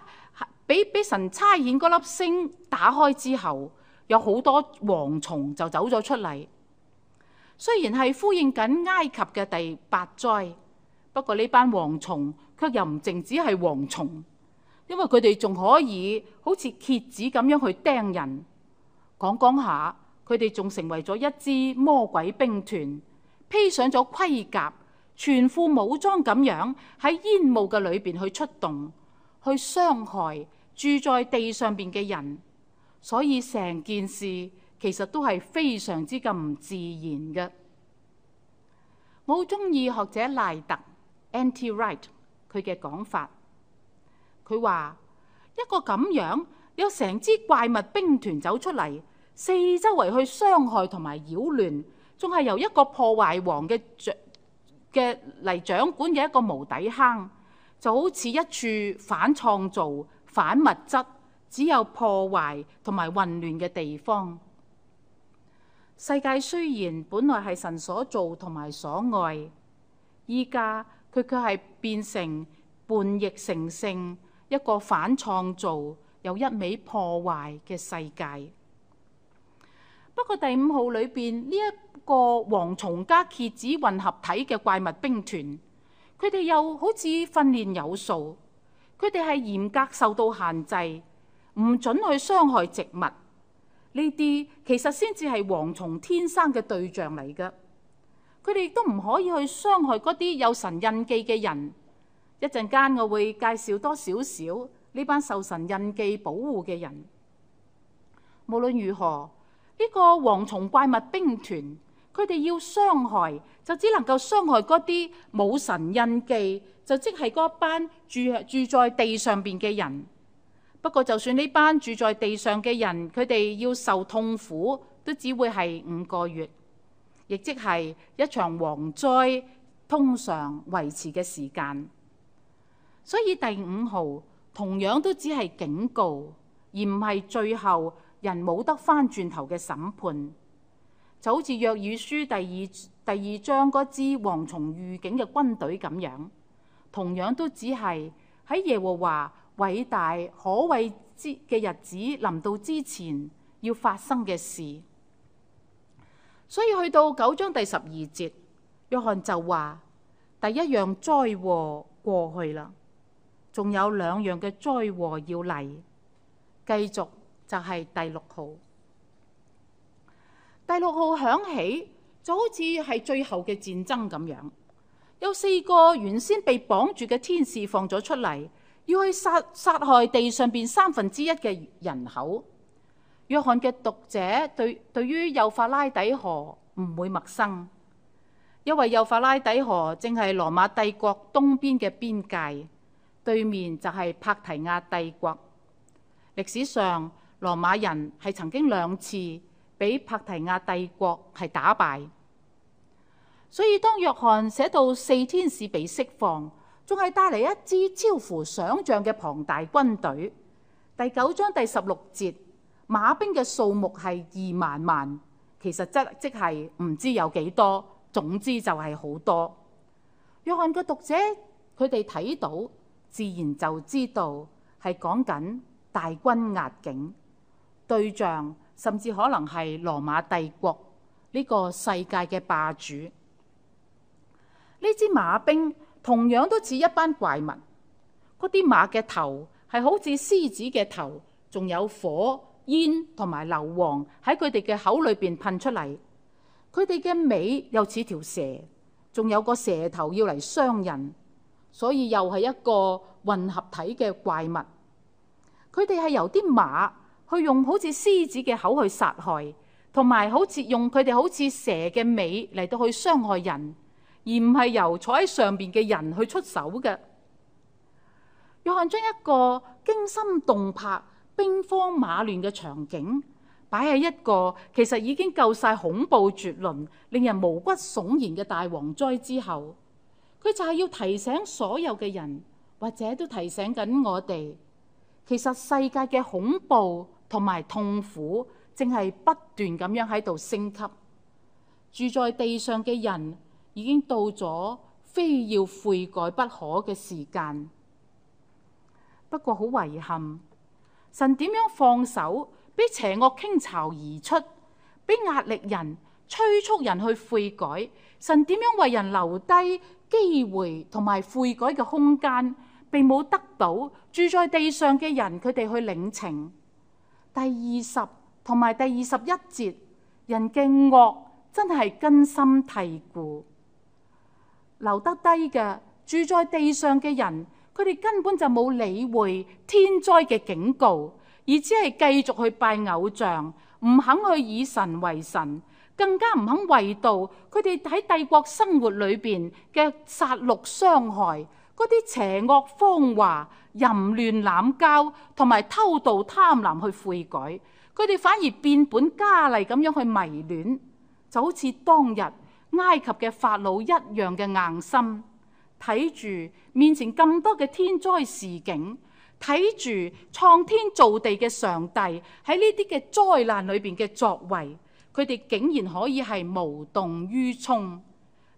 俾俾神差遣嗰粒星打開之後，有好多蝗蟲就走咗出嚟。雖然係呼應緊埃及嘅第八災，不過呢班蝗蟲卻又唔淨止係蝗蟲，因為佢哋仲可以好似蠍子咁樣去釘人。講講下，佢哋仲成為咗一支魔鬼兵團，披上咗盔甲，全副武裝咁樣喺煙霧嘅裏邊去出動。去傷害住在地上邊嘅人，所以成件事其實都係非常之咁唔自然嘅。我好中意學者賴特 N.T. Wright 佢嘅講法，佢話一個咁樣有成支怪物兵團走出嚟，四周圍去傷害同埋擾亂，仲係由一個破壞王嘅嘅嚟掌管嘅一個無底坑。就好似一處反創造、反物質、只有破壞同埋混亂嘅地方。世界雖然本來係神所造同埋所愛，依家佢卻係變成叛逆成性，一個反創造、又一味破壞嘅世界。不過第五號裏邊呢一個蝗蟲加蠍子混合體嘅怪物兵團。佢哋又好似訓練有素，佢哋係嚴格受到限制，唔准去傷害植物。呢啲其實先至係蝗蟲天生嘅對象嚟嘅。佢哋亦都唔可以去傷害嗰啲有神印記嘅人。一陣間我會介紹多少少呢班受神印記保護嘅人。無論如何，呢個蝗蟲怪物兵團。佢哋要傷害，就只能夠傷害嗰啲冇神印記，就即係嗰班住住在地上邊嘅人。不過，就算呢班住在地上嘅人，佢哋要受痛苦，都只會係五個月，亦即係一場蝗災通常維持嘅時間。所以第五號同樣都只係警告，而唔係最後人冇得翻轉頭嘅審判。就好似約珥書第二，第二章嗰支蝗蟲預警嘅軍隊咁樣，同樣都只係喺耶和華偉大可畏之嘅日子臨到之前要發生嘅事。所以去到九章第十二節，約翰就話第一樣災禍過去啦，仲有兩樣嘅災禍要嚟，繼續就係第六號。第六號響起，就好似係最後嘅戰爭咁樣。有四個原先被綁住嘅天使放咗出嚟，要去殺殺害地上邊三分之一嘅人口。約翰嘅讀者對對於幼發拉底河唔會陌生，因為幼發拉底河正係羅馬帝國東邊嘅邊界，對面就係帕提亞帝國。歷史上羅馬人係曾經兩次。俾帕提亞帝國係打敗，所以當約翰寫到四天使被釋放，仲係帶嚟一支超乎想象嘅龐大軍隊。第九章第十六節，馬兵嘅數目係二萬萬，其實即即係唔知有幾多，總之就係好多。約翰嘅讀者佢哋睇到，自然就知道係講緊大軍壓境對象。甚至可能係羅馬帝國呢個世界嘅霸主，呢支馬兵同樣都似一班怪物。嗰啲馬嘅頭係好似獅子嘅頭，仲有火、煙同埋硫磺喺佢哋嘅口裏邊噴出嚟。佢哋嘅尾又似條蛇，仲有個蛇頭要嚟傷人，所以又係一個混合體嘅怪物。佢哋係由啲馬。佢用好似獅子嘅口去殺害，同埋好似用佢哋好似蛇嘅尾嚟到去傷害人，而唔係由坐喺上面嘅人去出手嘅。約翰將一個驚心動魄、兵荒馬亂嘅場景擺喺一個其實已經夠晒恐怖絕倫、令人毛骨悚然嘅大蝗災之後，佢就係要提醒所有嘅人，或者都提醒緊我哋，其實世界嘅恐怖同埋痛苦，正係不斷咁樣喺度升級。住在地上嘅人已經到咗非要悔改不可嘅時間。不過好遺憾，神點樣放手俾邪惡傾巢而出，俾壓力人、催促人去悔改，神點樣為人留低機會同埋悔改嘅空間，並冇得到住在地上嘅人佢哋去領情。第二十同埋第二十一節，人嘅惡真係根深蒂固，留得低嘅住在地上嘅人，佢哋根本就冇理會天災嘅警告，而只係繼續去拜偶像，唔肯去以神為神，更加唔肯為道。佢哋喺帝國生活裏邊嘅殺戮傷害，嗰啲邪惡風華、淫亂濫交同埋偷盜、貪婪去悔改，佢哋反而變本加厲咁樣去迷戀，就好似當日埃及嘅法老一樣嘅硬心，睇住面前咁多嘅天災時景，睇住創天造地嘅上帝喺呢啲嘅災難裏邊嘅作為，佢哋竟然可以係無動於衷。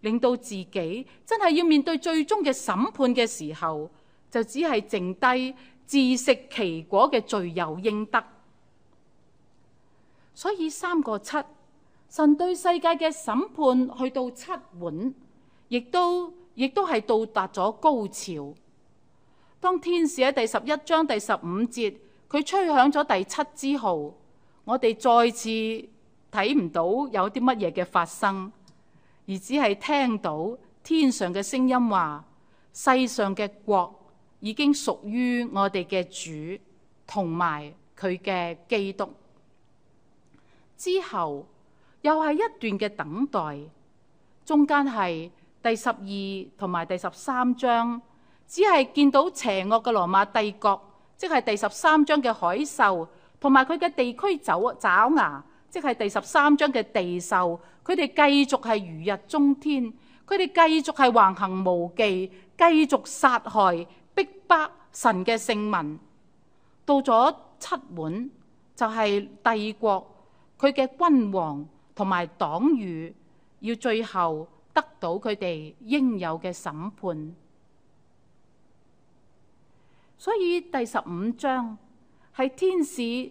令到自己真係要面對最終嘅審判嘅時候，就只係剩低自食其果嘅罪有應得。所以三個七，神對世界嘅審判去到七碗，亦都亦都係到達咗高潮。當天使喺第十一章第十五節，佢吹響咗第七枝號，我哋再次睇唔到有啲乜嘢嘅發生。而只係聽到天上嘅聲音話，世上嘅國已經屬於我哋嘅主，同埋佢嘅基督。之後又係一段嘅等待，中間係第十二同埋第十三章，只係見到邪惡嘅羅馬帝國，即係第十三章嘅海獸，同埋佢嘅地區走爪牙。即係第十三章嘅地獸，佢哋繼續係如日中天，佢哋繼續係橫行無忌，繼續殺害逼迫神嘅聖民。到咗七碗就係、是、帝國，佢嘅君王同埋黨羽要最後得到佢哋應有嘅審判。所以第十五章係天使。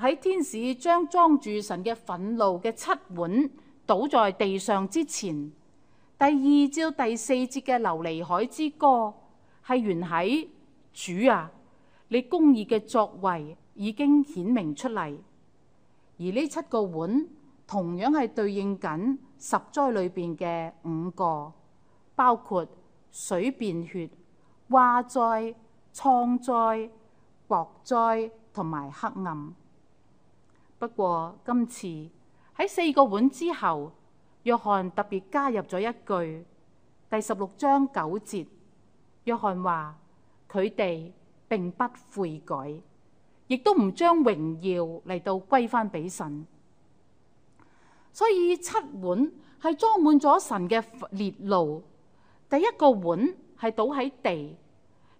喺天使將裝住神嘅憤怒嘅七碗倒在地上之前，第二至第四節嘅琉璃海之歌係原喺主啊，你公義嘅作為已經顯明出嚟。而呢七個碗同樣係對應緊十災裏邊嘅五個，包括水變血、蛙災、瘡災、雹災同埋黑暗。不過今次喺四個碗之後，約翰特別加入咗一句，第十六章九節，約翰話佢哋並不悔改，亦都唔將榮耀嚟到歸返俾神。所以七碗係裝滿咗神嘅烈怒，第一個碗係倒喺地，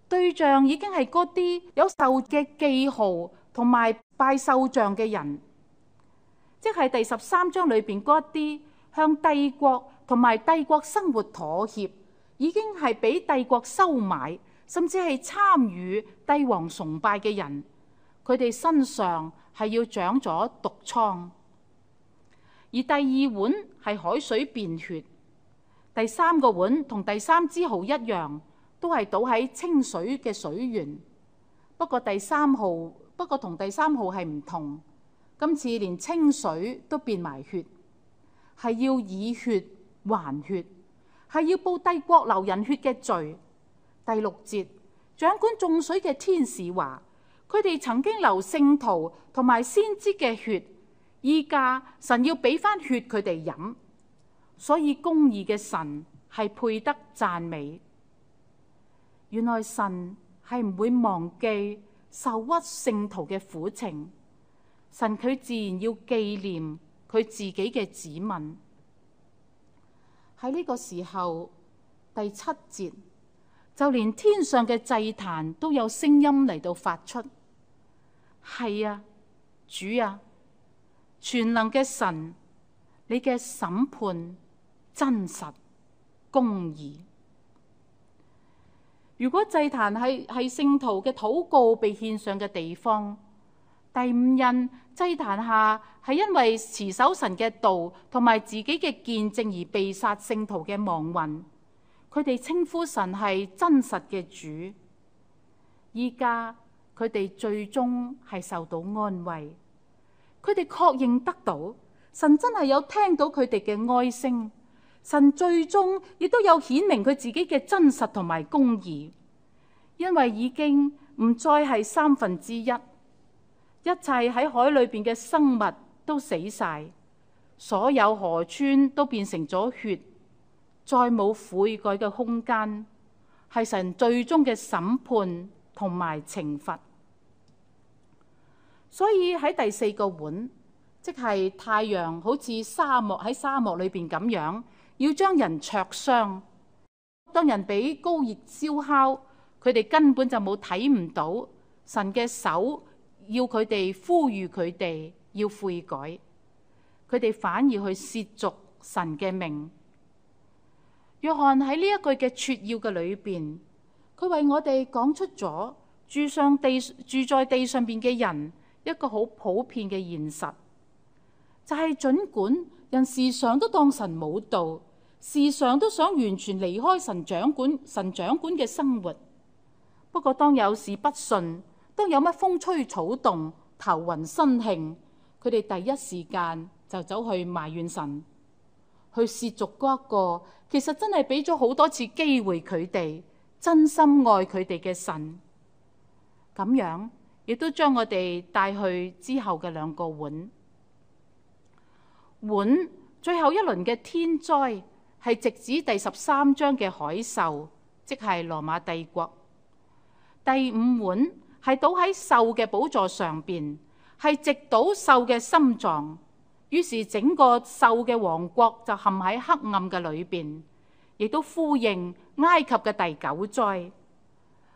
對象已經係嗰啲有獸嘅記號同埋拜獸像嘅人。即係第十三章裏面嗰啲向帝國同埋帝國生活妥協，已經係俾帝國收買甚至係參與帝王崇拜嘅人，佢哋身上係要長咗毒瘡。而第二碗係海水變血，第三個碗同第三支號一樣，都係倒喺清水嘅水源，不過第三號不過同第三號係唔同。今次連清水都變埋血，係要以血還血，係要報帝國流人血嘅罪。第六節，掌管眾水嘅天使話：佢哋曾經流聖徒同埋先知嘅血，依家神要俾翻血佢哋飲，所以公義嘅神係配得讚美。原來神係唔會忘記受屈聖徒嘅苦情。神佢自然要紀念佢自己嘅子民。喺呢個時候，第七節，就連天上嘅祭壇都有聲音嚟到發出，係啊，主啊，全能嘅神，你嘅審判真實公義。如果祭壇係係聖徒嘅禱告被獻上嘅地方。第五印祭壇下係因為持守神嘅道同埋自己嘅見證而被殺聖徒嘅亡魂，佢哋稱呼神係真實嘅主。依家佢哋最終係受到安慰，佢哋確認得到神真係有聽到佢哋嘅哀聲，神最終亦都有顯明佢自己嘅真實同埋公義，因為已經唔再係三分之一。一切喺海裏邊嘅生物都死晒，所有河川都變成咗血，再冇悔改嘅空間，係神最終嘅審判同埋懲罰。所以喺第四個碗，即係太陽，好似沙漠喺沙漠裏邊咁樣，要將人灼傷，當人俾高熱燒烤，佢哋根本就冇睇唔到神嘅手。要佢哋呼籲佢哋要悔改，佢哋反而去褻瀆神嘅名。約翰喺呢一句嘅撮要嘅裏邊，佢為我哋講出咗住上地住在地上邊嘅人一個好普遍嘅現實，就係、是、儘管人時常都當神冇到，時常都想完全離開神掌管神掌管嘅生活。不過當有事不信。當有乜風吹草動、頭暈身興，佢哋第一時間就走去埋怨神，去褻瀆嗰一個，其實真係俾咗好多次機會佢哋真心愛佢哋嘅神。咁樣亦都將我哋帶去之後嘅兩個碗。碗，最後一輪嘅天災係直指第十三章嘅海獸，即係羅馬帝國，第五碗。係倒喺獸嘅寶座上邊，係直倒獸嘅心臟，於是整個獸嘅王國就陷喺黑暗嘅裏邊，亦都呼應埃及嘅第九災。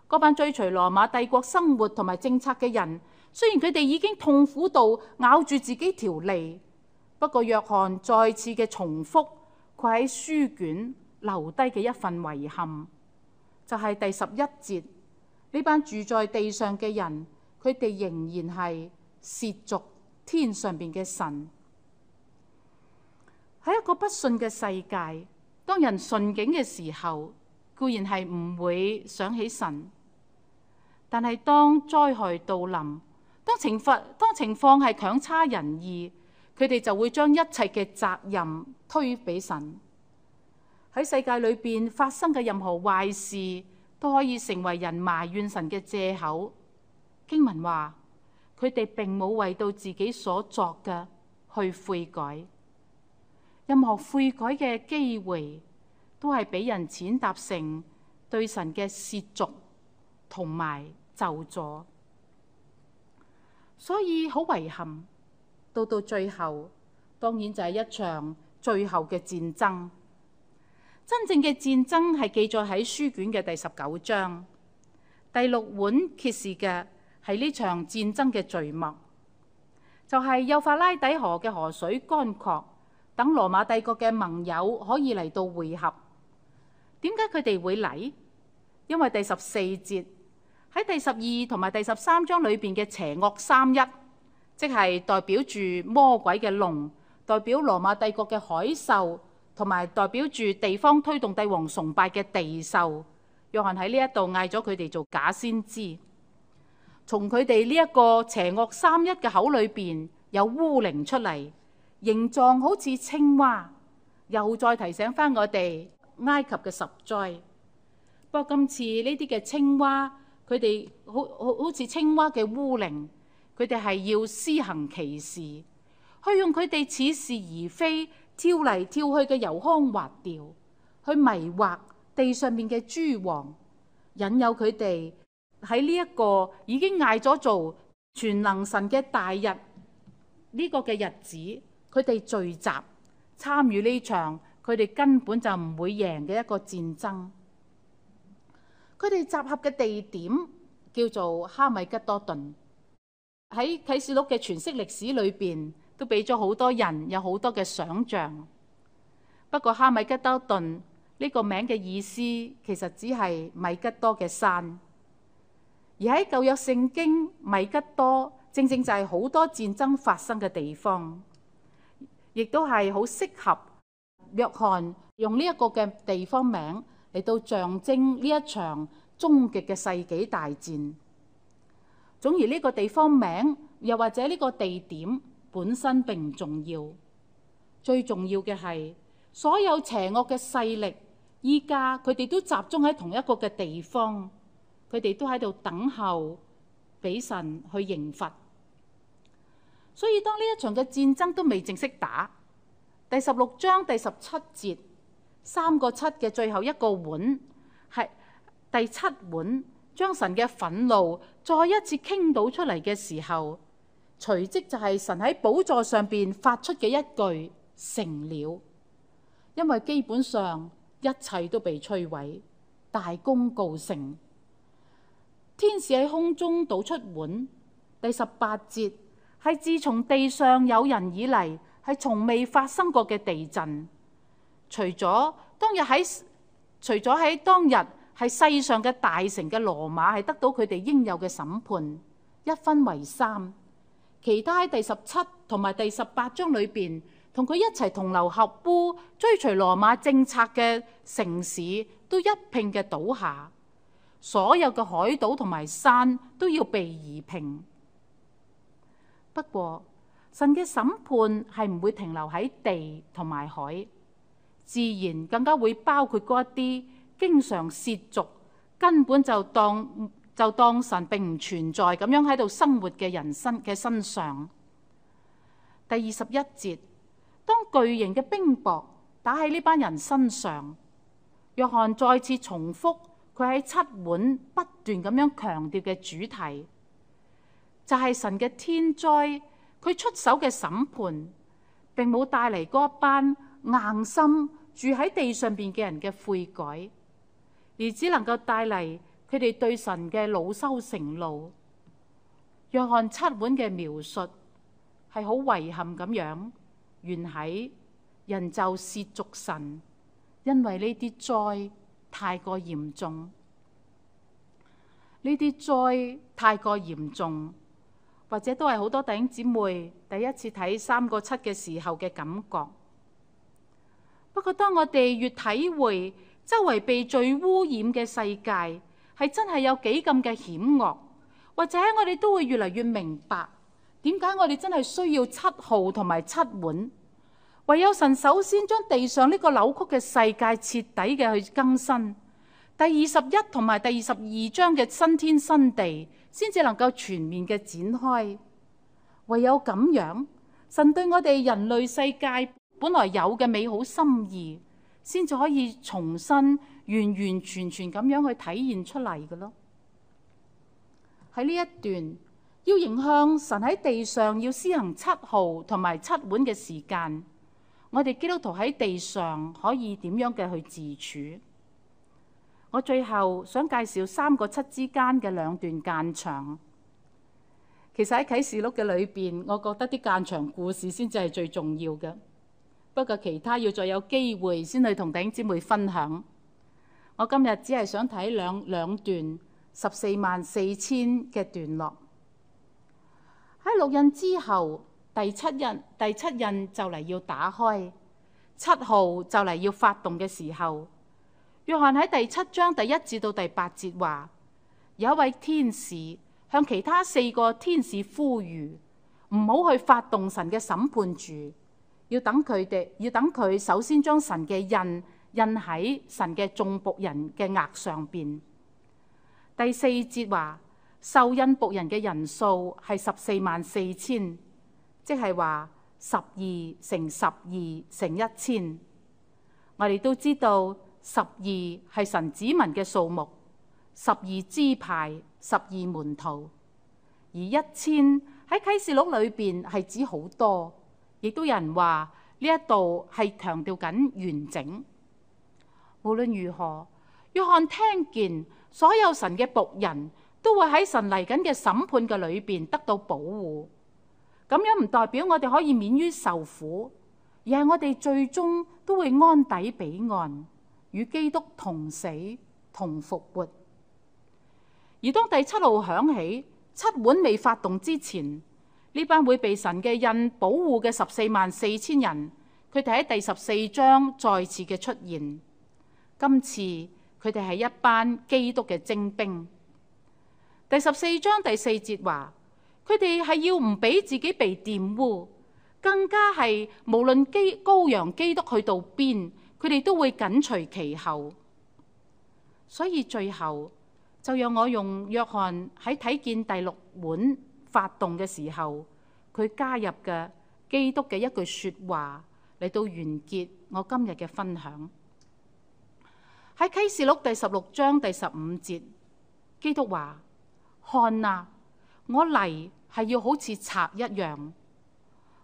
嗰班追隨羅馬帝國生活同埋政策嘅人，雖然佢哋已經痛苦到咬住自己條脷，不過約翰再次嘅重複，佢喺書卷留低嘅一份遺憾，就係第十一節。呢班住在地上嘅人，佢哋仍然係褻瀆天上邊嘅神。喺一個不信嘅世界，當人順境嘅時候，固然係唔會想起神；但係當災害到臨，當懲罰，當情況係強差人意，佢哋就會將一切嘅責任推俾神。喺世界裏邊發生嘅任何壞事。都可以成為人埋怨神嘅借口。經文話，佢哋並冇為到自己所作嘅去悔改，任何悔改嘅機會都係俾人踐踏成對神嘅褻瀆同埋咒詛。所以好遺憾，到到最後，當然就係一場最後嘅戰爭。真正嘅戰爭係記載喺書卷嘅第十九章，第六碗揭示嘅係呢場戰爭嘅序幕，就係、是、幼發拉底河嘅河水乾涸，等羅馬帝國嘅盟友可以嚟到會合。點解佢哋會嚟？因為第十四節喺第十二同埋第十三章裏邊嘅邪惡三一，即係代表住魔鬼嘅龍，代表羅馬帝國嘅海獸，同埋代表住地方推動帝王崇拜嘅地獸，約翰喺呢一度嗌咗佢哋做假先知，從佢哋呢一個邪惡三一嘅口裏邊有污靈出嚟，形狀好似青蛙，又再提醒翻我哋埃及嘅十災。不過今次呢啲嘅青蛙，佢哋好好似青蛙嘅污靈，佢哋係要施行奇事，去用佢哋似是而非，跳嚟跳去嘅油腔滑調，去迷惑地上面嘅諸王，引誘佢哋喺呢一個已經嗌咗做全能神嘅大日呢個嘅日子，佢哋聚集參與呢場佢哋根本就唔會贏嘅一個戰爭。佢哋集合嘅地點叫做哈米吉多頓。喺啟示錄嘅全息歷史裏邊。都俾咗好多人有好多嘅想象。不過，哈米吉多頓呢個名嘅意思其實只係米吉多嘅山。而喺舊約聖經，米吉多正正就係好多戰爭發生嘅地方，亦都係好適合約翰用呢一個嘅地方名嚟到象徵呢一場終極嘅世紀大戰。總而呢個地方名，又或者呢個地點，本身並唔重要，最重要嘅係所有邪惡嘅勢力，依家佢哋都集中喺同一個嘅地方，佢哋都喺度等候俾神去刑罰。所以當呢一場嘅戰爭都未正式打，第十六章第十七節三個七嘅最後一個碗係第七碗，將神嘅憤怒再一次傾倒出嚟嘅時候。隨即就係神喺寶座上邊發出嘅一句成了，因為基本上一切都被摧毀，大功告成。天使喺空中倒出碗，第十八節係自從地上有人以來係從未發生過嘅地震，除咗當日喺除咗喺當日係世上嘅大城嘅羅馬係得到佢哋應有嘅審判，一分為三。其他喺第十七同埋第十八章裏邊，同佢一齊同流合污、追隨羅馬政策嘅城市，都一拼嘅倒下。所有嘅海島同埋山都要被夷平。不過，神嘅審判係唔會停留喺地同埋海，自然更加會包括嗰一啲經常涉足，根本就當。就當神並唔存在咁樣喺度生活嘅人生嘅身上。第二十一節，當巨型嘅冰雹打喺呢班人身上，約翰再次重複佢喺七碗不斷咁樣強調嘅主題，就係神嘅天災，佢出手嘅審判，並冇帶嚟嗰班硬心住喺地上邊嘅人嘅悔改，而只能夠帶嚟。佢哋對神嘅惱羞成怒，約翰七碗嘅描述係好遺憾咁樣，原喺人就褻瀆神，因為呢啲災太過嚴重，呢啲災太過嚴重，或者都係好多弟兄姊妹第一次睇三個七嘅時候嘅感覺。不過，當我哋越體會周圍被罪污染嘅世界，係真係有幾咁嘅險惡，或者我哋都會越嚟越明白點解我哋真係需要七號同埋七碗。唯有神首先將地上呢個扭曲嘅世界徹底嘅去更新，第二十一同埋第二十二章嘅新天新地先至能夠全面嘅展開。唯有咁樣，神對我哋人類世界本來有嘅美好心意，先至可以重新。完完全全咁樣去體現出嚟嘅咯。喺呢一段要迎向神喺地上要施行七號同埋七碗嘅時間，我哋基督徒喺地上可以點樣嘅去自處？我最後想介紹三個七之間嘅兩段間場。其實喺啟示錄嘅裏邊，我覺得啲間場故事先至係最重要嘅。不過其他要再有機會先去同弟兄姐妹分享。我今日只係想睇兩兩段十四萬四千嘅段落。喺六印之後，第七印第七印就嚟要打開，七號就嚟要發動嘅時候，約翰喺第七章第一至到第八節話，有一位天使向其他四個天使呼籲，唔好去發動神嘅審判住，要等佢哋要等佢首先將神嘅印。印喺神嘅眾僕人嘅額上邊。第四節話受印僕人嘅人數係十四萬四千，即係話十二乘十二乘一千。我哋都知道十二係神子民嘅數目，十二支派，十二門徒，而一千喺啟示錄裏邊係指好多，亦都有人話呢一度係強調緊完整。無論如何，約翰聽見所有神嘅僕人都會喺神嚟緊嘅審判嘅裏面得到保護。咁樣唔代表我哋可以免於受苦，而係我哋最終都會安抵彼岸，與基督同死同復活。而當第七號響起，七碗未發動之前，呢班會被神嘅印保護嘅十四萬四千人，佢哋喺第十四章再次嘅出現。今次佢哋係一班基督嘅精兵。第十四章第四節話，佢哋係要唔俾自己被玷污，更加係無論基羔羊基督去到邊，佢哋都會緊隨其後。所以最後就讓我用約翰喺睇見第六碗發動嘅時候，佢加入嘅基督嘅一句說話嚟到完結我今日嘅分享。喺《啟示錄》第十六章第十五節，基督話：「看啊，我嚟係要好似賊一樣，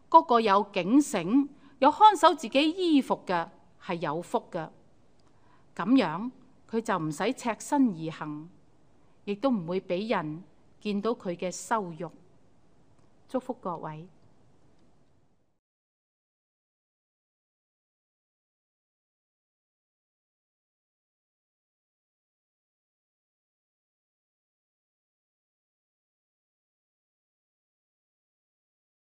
嗰個有警醒、有看守自己衣服嘅係有福嘅，咁樣佢就唔使赤身而行，亦都唔會俾人見到佢嘅羞辱。祝福各位。」